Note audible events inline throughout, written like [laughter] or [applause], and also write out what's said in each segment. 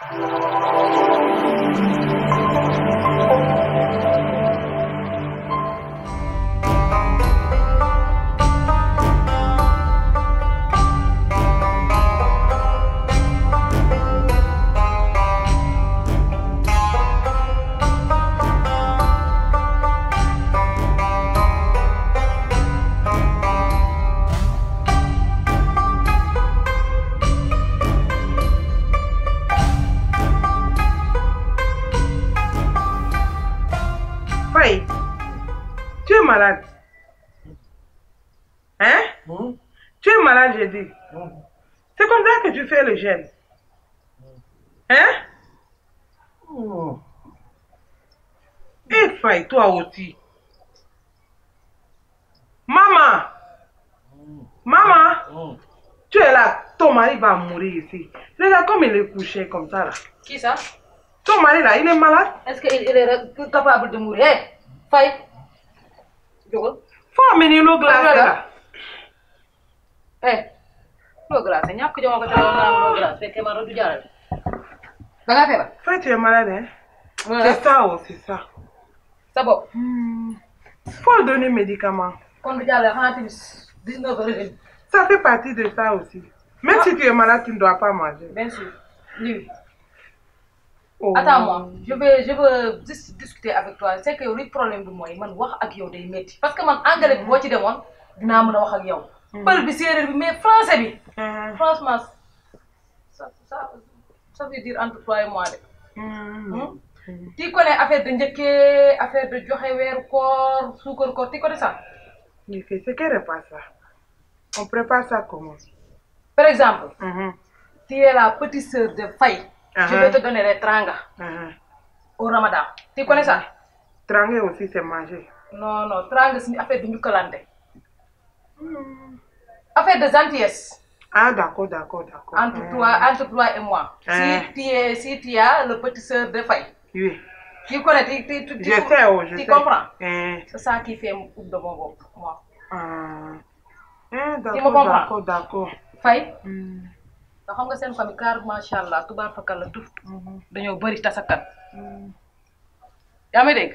Thank you. malade. Hein? Hmm? Tu es malade, j'ai dit. Hmm. C'est comme ça que tu fais le gel. Hein? Hmm. Et faille, toi aussi. Maman! Maman! Tu es là, ton mari va mourir ici. Regarde comme il est couché comme ça Qui ça? Ton mari là, il est malade. Est-ce qu'il est capable de mourir? Faille, foo amee nii loo eh loo glace ñàkk a jox ma ko ca loo glace fekkee tu du jaarale. da ngaa que fay tu es malade. c'est ça c'est ça. sa hmm. faut donner médicaments. Quand du jaarale xanaa tamit 19 heures. ça fait partie de ça aussi. même ah. si tu es malade tu ne dois pas manger. bien sûr. oh attends-moi je veux je veux juste discuter avec toi c'est que yow li problème bi mooy man wax ak yow day métti parce que man anglais bi mm-hmm. boo ci demoon dina mën a wax ak yow. Mm-hmm. pël bi séeréer bi mais français bi. Mm-hmm. franchement ça ça ça veut dire entre toi et de. ti hmm? ko affaire de njëkkee affaire de joxe weeru koor suukar ti ko ne sax. mais quest on prépare ça comment. par exemple. Mm -hmm. la petite sœur de Faye. Je vais te donner les tranga au Ramadan. Tu connais ça? Tranga aussi, c'est manger. Non, non, tranga, c'est une affaire de Nukalande. Affaire des Zanties. Ah, d'accord, d'accord, d'accord. Entre, ah. toi, entre toi et moi. Ah. Si, tu as le petit sœur de Faye. Oui. Tu connais, tu, tu, tu, oh, tu, comprends. Eh. C'est ça qui fait mon de mon groupe, moi. Ah. Eh, d'accord, d'accord, d'accord. Faye, hmm. da xam nga seen famille car macha allah tubaab fakal la tuf mhm. dañoo bëri tasakat mhm. yaa may dégg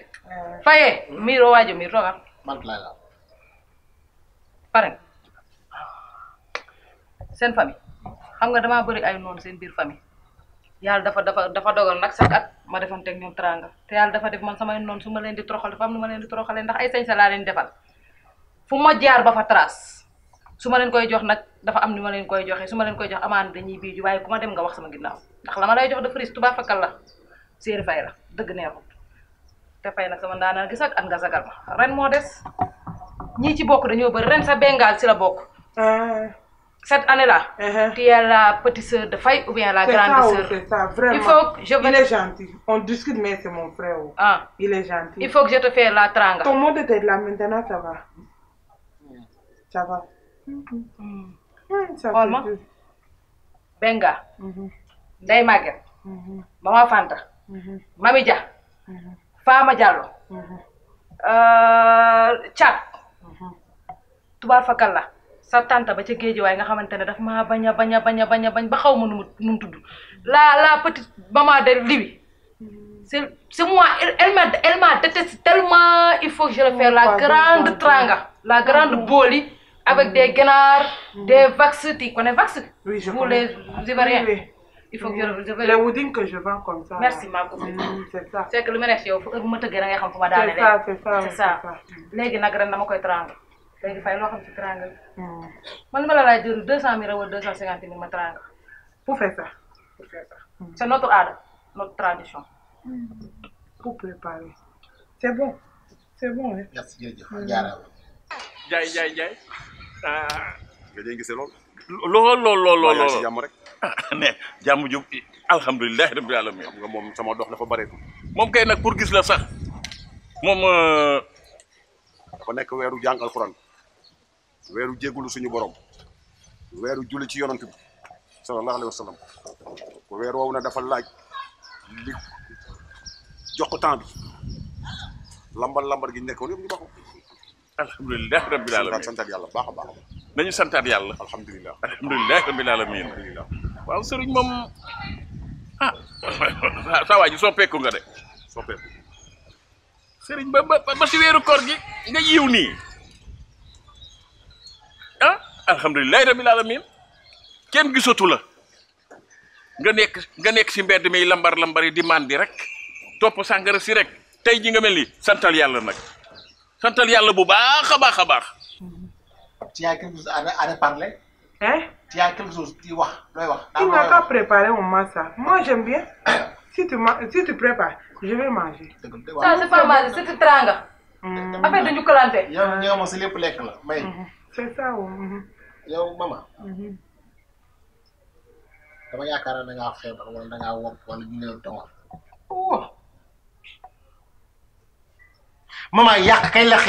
faye miiro waajo miir toogal man lay la pare seen famille xam nga dama bëri ay noonu seen biir famille yàlla dafa dafa dafa dogal nag sax at ma defanteeg ñoom tranga te yàlla dafa def man sama noonu su ma leen di toroxal dafa am nu ma leen di toroxalee ndax ay sañ sa laa leen defal fu ma jaar ba fa trace suma len koy jox nak dafa am ni ma leen koy joxe suma len koy jox amane dañuy biiju waaye ku ma dem nga wax sama ginnaw ndax lama lay jox dafa frise tuba fakal la sir fay la deug neexu te fay nak sama ndaanaan gis ak at nga sagal ma ren mo dess ñi ci bokk dañu beur ren sa bengal ci la bokk ah. cette année-là, uh-huh. tu es la petite sœur de Faye ou bien la grande sœur C'est ça, vraiment. Il, faut que je... il est gentil. On discute, mais c'est mon frère. Ah. Il est gentil. Il faut que je te fasse la tranga. Ton mot de tête là, maintenant, ça va. Ça va. Mm-hmm. xool mm-hmm. Benga mm-hmm. Day Magen, Mama Fanta Mami Dia Fama Diallo Chat, uh, tuba fakal la sa tante ba ci geedji way nga xamantene daf ma baña baña baña baña bañ ba xaw nu mu tuddu la la petite mama de Libi c'est c'est moi elle m'a elle m'a détesté tellement il faut que je le fasse la grande tranga la grande boli avec des guenards, des vaccins Tu connais vax Oui, je les Il faut que je, Les woodings que je vends comme ça. Merci, ma copine. Mm, c'est ça. C'est que le ménage, il faut que vous C'est ça, c'est ça. C'est ça. Les pour pour faire ça mm. c'est notre art, notre tradition pour préparer c'est bon c'est bon hein. merci Jai jai jai, nga jëng gisee lool lool ah, lool lool lool lool jàmm rek [laughs] ne jàmm ju alhamdulilah rabbil alamin xam nga moom sama dox dafa bareetu moom kay nag pour gis la sax moom dafa eh, nekk weeru jàng alquran weeru jéggulu suñu borom weeru julli ci yonant bi sallallahu alaihi wasallam. sallam weer woowu na dafa laaj li jox ko temps bi lambar lambar gi nekkoon yëpp ñu baxoo alhamdulillah rabbil alamin santat yalla nañu santat yalla alhamdulillah alhamdulillah rabbil alamin waaw serigne mom ah [laughs] sa waji soppeku nga de soppeku serigne ba ba ci wéru koor gi nga yiw ni ah alhamdulillah rabbil alamin kenn gisatu la nga nek nga nek ci mbedd mi lambar lambari di mandi rek top sangara si rek tay ji nga melni santal yalla nak santal yàlla bu baax a baax a baax. tu as quelque chose à reparler. Hein? Tu as quelque chose, tu vois, tu vois. Tu n'as mon massa. Moi, j'aime bien. si, tu si tu prépares, je vais manger. Ça, c'est pas mal, c'est tranga. Mmh. Après, de nous colanter. Il y a un mot, pour l'école. Mais... C'est ça, oui. Oh, mm-hmm. Yo, maman. Mmh. Dama yaakaar ne da ngaa feebar wala da ngaa wala ñu tawal. Oh. maman yàq kay la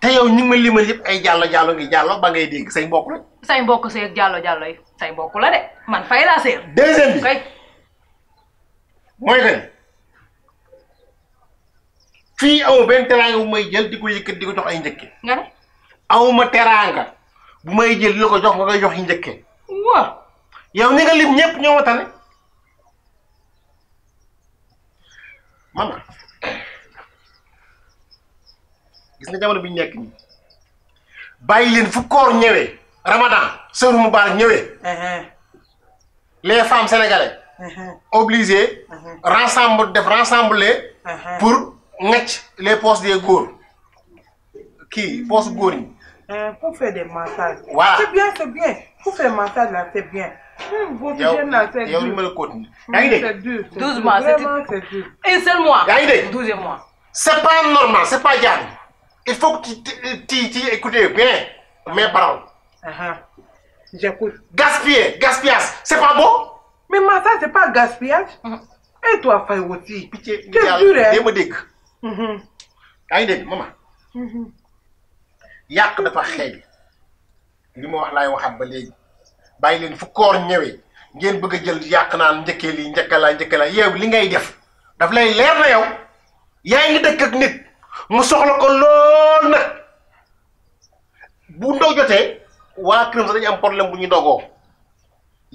te yow ñu ma lima yépp ay jàllo jàllo ngi jàllo ba ngay dégg say mbokk la. say mbokk seeg jàllo jàllo yi say la de man fay laa seer. deuxième bi kay fii aw benn teraanga bu may jël di ko yëkkat di ko jox ay njëkke aw ma awma teraanga bu ma jël di la ko jox nga koy jox yi njëkke waaw yow ñi nga lim ñëpp ñoo ma maman gis nga jamono bi ñu nekk nii leen fu koor ñewé ramadan sëru mu ñewé. Uh-huh. les femmes sénégalaises uh-huh. obligées uh-huh. rassemble def rassembler pour ngacc les poches des Ki kii poche góor Euh, pour faire des massages voilà c'est bien c'est bien pour faire massage là c'est bien il faut que je 12 mois c'est mois. Et mois. c'est pas normal c'est pas bien. il faut que tu écoutes bien mes paroles. j'écoute. gaspiller gaspillage c'est pas bon. mais ma c'est pas gaspillage. Mhm. et toi fais aussi. pitié Il y a maman. peu mhm. dafa xeeñ Il y a un peu ba bàyyi leen fu koor ñëwee ngeen bëgg a jël yàq naan njëkkee lii njëkka laa njëkka laa yow li ngay def daf lay leer na yow yaay ngi dëkk ak nit mu soxla ko lool nag bu ndaw jotee waa kërëm sax dañu am problème bu ñu ndogoo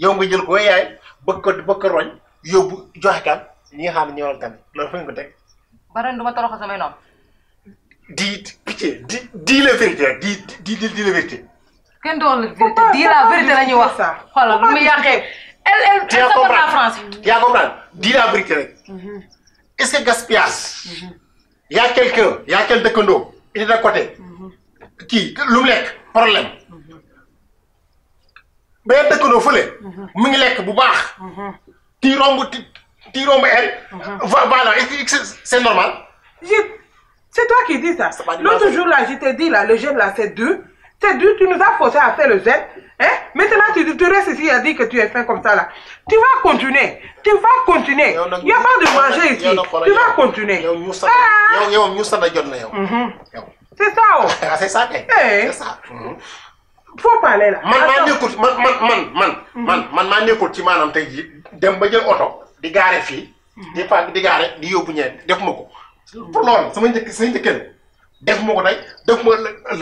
yow nga jël ko yaay bëgg ko bëgg ko roñ yóbbu joxe kan ñi nga xam ne ñoo tamit kan. loolu fa ko teg baran duma toroxa samay nopp di pitié di di la vérité di di di la vérité kenn du la vérité dis la vérité la ñuy wax. xoolal lu muy yàqee. elle elle sa la France. yaa comprendre di la vérité rek. Mm-hmm. est-ce que gaspillage. Mm-hmm. y a quelqu'un y a quel dëkkandoo. il est de côté. Mm-hmm. kii lu mu lekk problème. mais dëkkandoo fële. mu ngi lekk bu baax. ti romb ti tii romb elle. voilà est-ce c'est normal. c'est toi qui dis ça. l'autre jour là je t'ai dit là le jeune là c'est deux. C'est dur, tu nous as forcé à faire le jet. Hein? Maintenant, tu restes ici à dire que tu es fin comme ça là. Tu vas continuer. Tu vas continuer. Il n'y a pas de manger ici. Tu vas continuer. C'est ça. Oh. [laughs] C'est ça. Eh. C'est ça. Mm-hmm. Faut parler là. Man man man man man man mm-hmm. man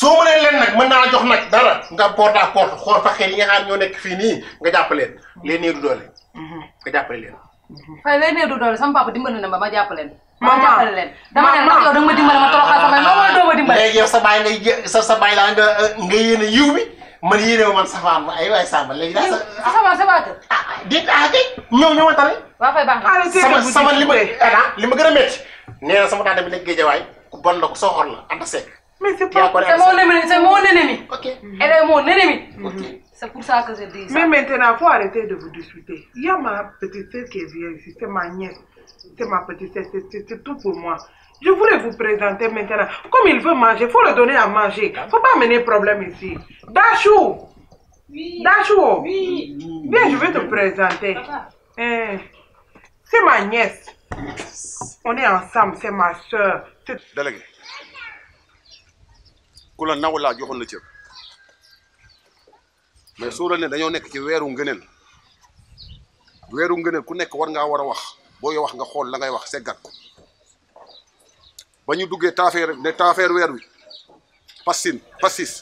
soo mënee len nak mën naa la jox nak dara nga porte à porte xool faxe li nga xam ñoo nek fi ni nga jàppale len les néew du doole. Mhm. nga jàppale len mhm. waaye len ni du doole sama papa dimbal na ma ma jàppale len ma jàppale len dama ne nak yow dama dimbal ma toroxal sama ma ma do ma dimbal legi yow sa bay ngay sa sa bay la nga nga yene yiw bi man yene man sa fam ay waay sàmba léegi daal sa. sa sama sa baat. ah dia ah kay ñoo ñoo tare wa fay baax sama sama li ma ah, li ma gën a sama tante bi nekk géejawaay ku bon la ku soxor la anta sek Mais c'est pas C'est mon ennemi, c'est mon ennemi. Ok. Elle est mon ennemi. Ok. C'est pour ça que je dis ça. Mais maintenant, il faut arrêter de vous discuter. Il y a ma petite sœur qui vient ici, c'est ma nièce. C'est ma petite sœur, c'est tout pour moi. Je voulais vous présenter maintenant. Comme il veut manger, il faut le donner à manger. Il ne faut pas amener problème ici. Dachou Oui. Dachou Oui. Viens, je vais te présenter. Eh, c'est ma nièce. On est ensemble, c'est ma soeur. Délégué. ku la naw laa joxoon la cër mais suural ne dañoo nekk ci weeru ngëneel weeru ngëneel ku nekk war ngaa war a wax booy wax nga xool la ngay wax seggat ko ñu duggee taafeer ne taafeer weer wi passin passis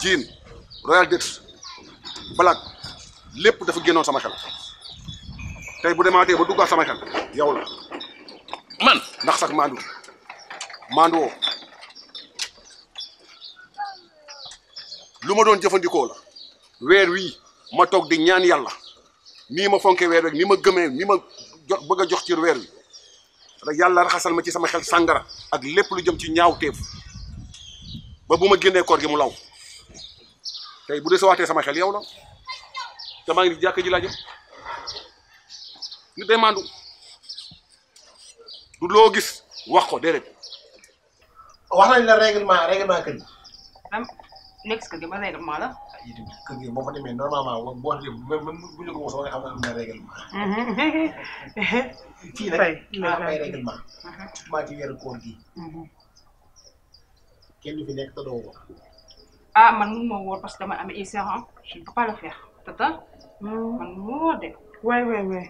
jiin royal dét black lépp dafa génnoon sama xel tey bu demaatee ba duggaat sama xel yow la man ndax sax maandu maandu lu ma doon jëfandikoo la weer wi ma toog di ñaan yàlla nii ma fonke weer rek ni ma gëme ni ma jox bëgg jox ci weer wi rek yàlla raxasal ma ci sama xel sàngara ak lépp lu jëm ci ñaawteef ba bu ma génnee koor gi mu law tey bu dee waxtee sama xel yow la te maa ngi di jàkk ji du loo gis wax ko déedéet. wax nañ la règlement règlement kër yi. nekk si kër gi ba règlement la. kër gi boo fa demee normalement bu ñu ko mos a waxee na règlement. fii nag am ay règlement. maa gi. kenn du fi nekk te doo woor. ah man mënu ma woor parce que dama am ISRA je ne peux tata man mënu de. waay waay waay.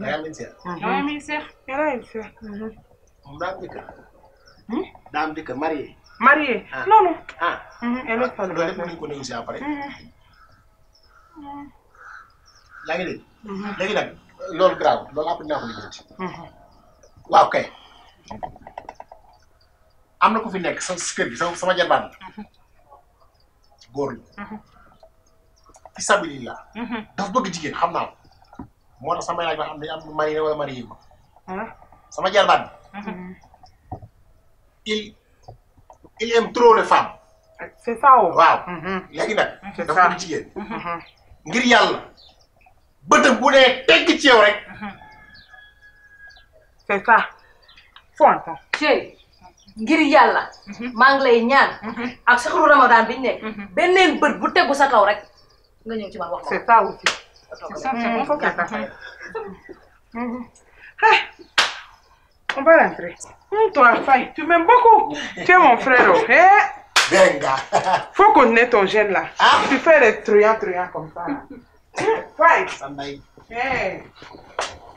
daa am ISRA. daa am ISRA. daa am ISRA. daa am jëkkër marié. non non. ah elle est femme loolu lépp ko négocier après. Mhm. Mhm. nag loolu grave loolu après dinaa ko lijjanti. Mhm. waaw kay. am na ku fi nekk sa kër gi sama sama jarbaat la. góor la. fi xam naa moo tax sama laaj ba xam ne am na ma. Ah. sama il. il aime trop les femmes. c'est ça oh. waaw. Mhm. léegi nag. c'est ça dafa am jigéen. Mhm. ngir yàlla bëtam bu nee tegg ci yow rek. Mhm. c'est ça. fonta cey ngir yàlla. maa ngi lay ñaan. ak saxaru ramadan bi ñu nekk. beneen bët bu tegu sa kaw rek nga ñëw ci man wax. c'est ça aussi. c'est ça c'est bon. On va rentrer. Hum, toi, tu m'aimes beaucoup. tu es mon frère. Eh? ok? [laughs] Faut qu'on ait ton gène là. Ah. Tu fais les truands, comme ça. Hum, Faye. Faye. Hey. Eh.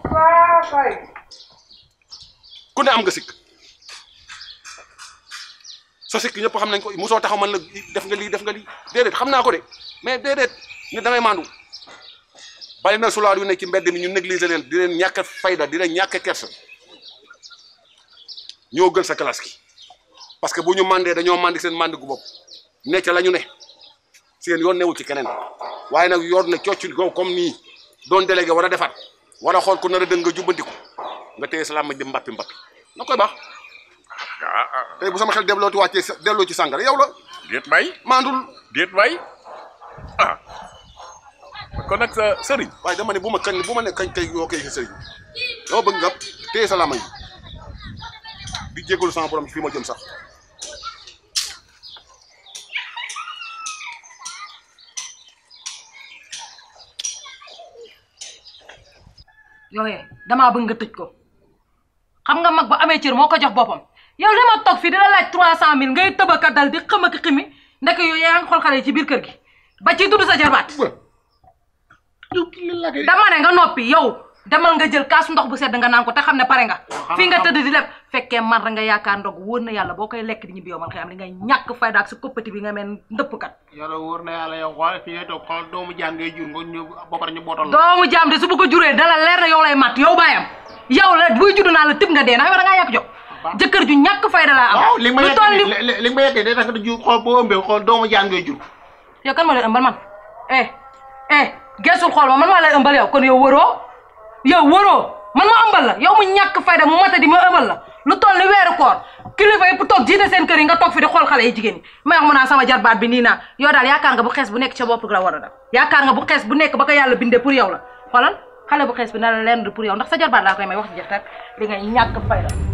Faye. ku ne am nga ça? c'est que nous xam nañ ko taxaw man la def nga mais tu es un ne fayda ñoo gën sa classe gi parce que bu ñu màndee dañoo mandi seen mandi gu bopp ne ca la ñu ne seen yoon newul ci keneen waaye nag yoon ne coccul ko comme nii doon délégué war a defar war a xool ko nar a dëng nga jubbantiku nga téye sa làmmiñ di mbappi mbappi na koy baax tey bu sama xel delloo ci wàccee sa delloo ci sàngara yow la. bay maandul déet ah. kon nag sa waaye dama bu ma kañ bu ma ne kañ kay yoo koy sëriñ dama bëgg nga di jégalu sama borom fii ma jëm sax. yooye eh, damaa bëgg nga tëj ko xam nga mag ba amee cër moo ko jox boppam yow li ma toog fii dina laaj trois cent mil ngay tëbaka dal di xëm ak ximi ndek yow yaa ngi xool xale ci biir kër gi ba ci dudd sa jarbaat dama ne nga noppi yow damal nga jël kaas ndox bu sedd nga naan ko te xam ne pare nga fi nga tëdd di leb fekkee mar nga yaakaar ndox wóor na yàlla boo koy lekk di ñibbi yow man xiyam li ngay ñàkk fayda ak sa koppati bi nga mel kat yàlla wóor na yàlla yow xool fi ngay toog xool doomu jaam ngay jur nga ñu boppar ñu bootal doomu jaam de su bu ko juree dala leer na yow lay mat yow bayam yow la buy judd naa la tëb nga dee ndax yow da ngaa yàq jox jëkkër ju ñàkk fayda laa am li nga li nga yekkee day tax nga jur xool boo ëmbee xool doomu jaam ngay jur yow kan ma lay ëmbal man eh eh gesul xol ma man ma lay ëmbal yow kon yow wëroo yow ya, waroo man ma ëmbal la yow ya, mu ñàkk fayda mu mata di ma ëmbal la lu toll ni weeru koor kilifa yëpp toog jiite seen kër yi nga toog fi di xool xale yi jigéen ñi wax mu naan sama jarbaat bi ya naa yow daal yaakaar nga bu xees bu nekk ca bopp la war a dal yaakaar nga bu xees bu nekk ba ko yàlla bindee pour yow la xoolal xale bu xees bi na la lenn pour yow ndax sa jarbaat koy may wax rek ngay fayda